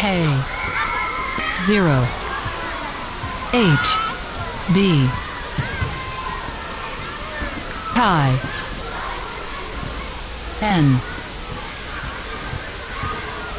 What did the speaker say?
K zero H B Pi N